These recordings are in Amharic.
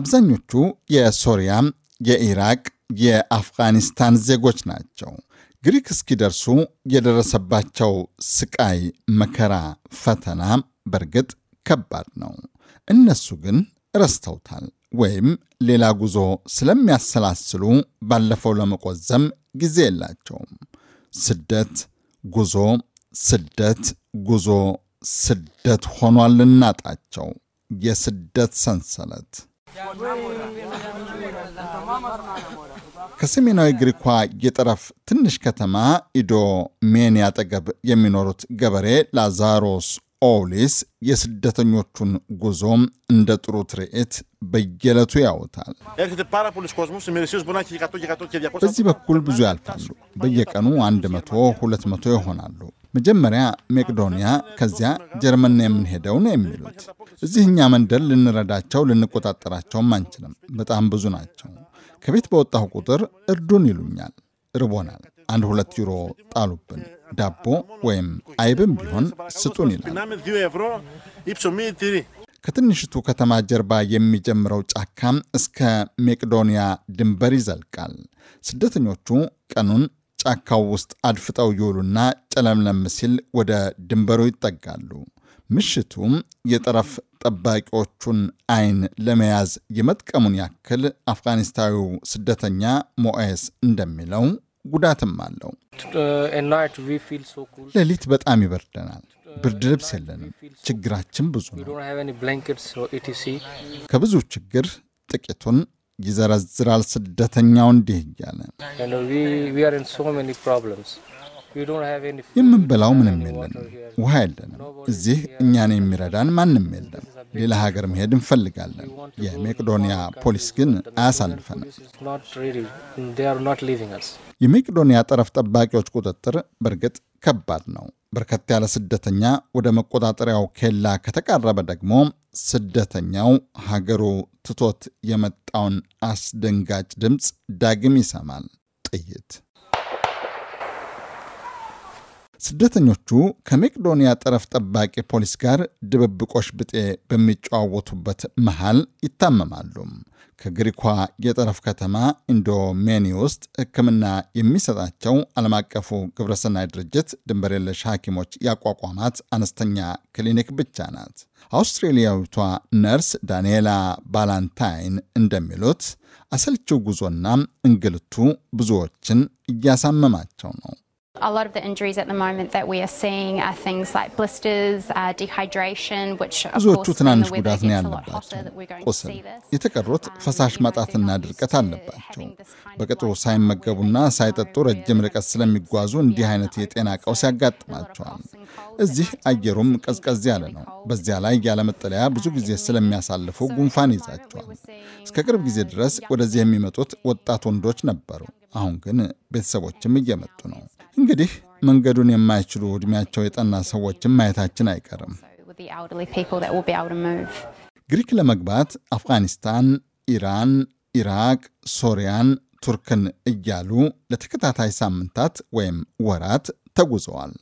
አብዛኞቹ የሶሪያ፣ የኢራቅ፣ የአፍጋኒስታን ዜጎች ናቸው። ግሪክ እስኪደርሱ የደረሰባቸው ስቃይ፣ መከራ፣ ፈተና በእርግጥ ከባድ ነው። እነሱ ግን ረስተውታል ወይም ሌላ ጉዞ ስለሚያሰላስሉ ባለፈው ለመቆዘም ጊዜ የላቸውም። ስደት፣ ጉዞ፣ ስደት፣ ጉዞ፣ ስደት ሆኗል እናጣቸው የስደት ሰንሰለት ከሰሜናዊ ግሪኳ የጠረፍ ትንሽ ከተማ ኢዶ ሜኒ አጠገብ የሚኖሩት ገበሬ ላዛሮስ ኦሊስ የስደተኞቹን ጉዞም እንደ ጥሩ ትርኢት በየዕለቱ ያውታል በዚህ በኩል ብዙ ያልፋሉ። በየቀኑ 100፣ 200 ይሆናሉ። መጀመሪያ ሜቅዶኒያ ከዚያ ጀርመን የምንሄደው ነው የሚሉት። እዚህ እኛ መንደር ልንረዳቸው ልንቆጣጠራቸውም አንችልም። በጣም ብዙ ናቸው። ከቤት በወጣሁ ቁጥር እርዱን ይሉኛል። እርቦናል አንድ ሁለት ዩሮ ጣሉብን። ዳቦ ወይም አይብም ቢሆን ስጡን ይላል። ከትንሽቱ ከተማ ጀርባ የሚጀምረው ጫካ እስከ ሜቅዶኒያ ድንበር ይዘልቃል። ስደተኞቹ ቀኑን ጫካው ውስጥ አድፍጠው ይውሉና ጨለምለም ሲል ወደ ድንበሩ ይጠጋሉ። ምሽቱም የጠረፍ ጠባቂዎቹን ዓይን ለመያዝ የመጥቀሙን ያክል አፍጋኒስታዊው ስደተኛ ሞኤስ እንደሚለው ጉዳትም አለው። ሌሊት በጣም ይበርደናል። ብርድ ልብስ የለንም። ችግራችን ብዙ ነው። ከብዙ ችግር ጥቂቱን ይዘረዝራል ስደተኛው እንዲህ እያለ የምንበላው ምንም የለንም፣ ውሃ የለንም። እዚህ እኛን የሚረዳን ማንም የለም። ሌላ ሀገር መሄድ እንፈልጋለን። የሜቄዶንያ ፖሊስ ግን አያሳልፈንም። የሜቄዶንያ ጠረፍ ጠባቂዎች ቁጥጥር በእርግጥ ከባድ ነው። በርከት ያለ ስደተኛ ወደ መቆጣጠሪያው ኬላ ከተቃረበ ደግሞ ስደተኛው ሀገሩ ትቶት የመጣውን አስደንጋጭ ድምፅ ዳግም ይሰማል። ጥይት ስደተኞቹ ከሜቄዶንያ ጠረፍ ጠባቂ ፖሊስ ጋር ድብብቆሽ ብጤ በሚጨዋወቱበት መሃል ይታመማሉ። ከግሪኳ የጠረፍ ከተማ ኢንዶሜኒ ውስጥ ሕክምና የሚሰጣቸው ዓለም አቀፉ ግብረሰናይ ድርጅት ድንበር የለሽ ሐኪሞች ያቋቋማት አነስተኛ ክሊኒክ ብቻ ናት። አውስትሬሊያዊቷ ነርስ ዳንኤላ ባላንታይን እንደሚሉት አሰልቺው ጉዞና እንግልቱ ብዙዎችን እያሳመማቸው ነው። A lot of the injuries at the moment that we are seeing are things like blisters, uh, dehydration, which ብዙዎቹ ትናንሽ ጉዳት ነው ያለባቸው ቁስል። የተቀሩት um, ፈሳሽ ማጣትና ድርቀት አለባቸው። በቅጥሩ ሳይመገቡና ሳይጠጡ ረጅም ርቀት ስለሚጓዙ እንዲህ አይነት የጤና ቀውስ ያጋጥማቸዋል። እዚህ አየሩም ቀዝቀዝ ያለ ነው። በዚያ ላይ ያለመጠለያ ብዙ um, ጊዜ ስለሚያሳልፉ ጉንፋን ይዛቸዋል። እስከ ቅርብ ጊዜ um, ድረስ ወደዚህ የሚመጡት ወጣት ወንዶች ነበሩ። አሁን ግን ቤተሰቦችም እየመጡ ነው። እንግዲህ መንገዱን የማይችሉ ዕድሜያቸው የጠና ሰዎችን ማየታችን አይቀርም። ግሪክ ለመግባት አፍጋኒስታን፣ ኢራን፣ ኢራቅ፣ ሶሪያን፣ ቱርክን እያሉ ለተከታታይ ሳምንታት ወይም ወራት ተጉዘዋል።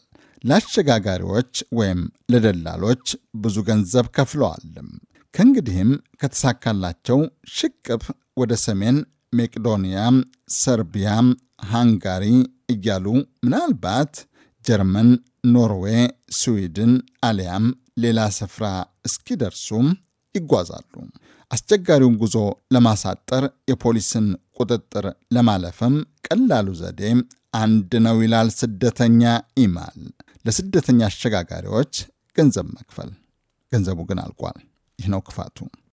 ለአሸጋጋሪዎች ወይም ለደላሎች ብዙ ገንዘብ ከፍለዋልም። ከእንግዲህም ከተሳካላቸው ሽቅብ ወደ ሰሜን ሜቄዶንያ፣ ሰርቢያ፣ ሃንጋሪ እያሉ ምናልባት ጀርመን፣ ኖርዌይ፣ ስዊድን አሊያም ሌላ ስፍራ እስኪደርሱም ይጓዛሉ። አስቸጋሪውን ጉዞ ለማሳጠር የፖሊስን ቁጥጥር ለማለፍም ቀላሉ ዘዴ አንድ ነው ይላል ስደተኛ ኢማል። ለስደተኛ አሸጋጋሪዎች ገንዘብ መክፈል። ገንዘቡ ግን አልቋል። ይህ ነው ክፋቱ።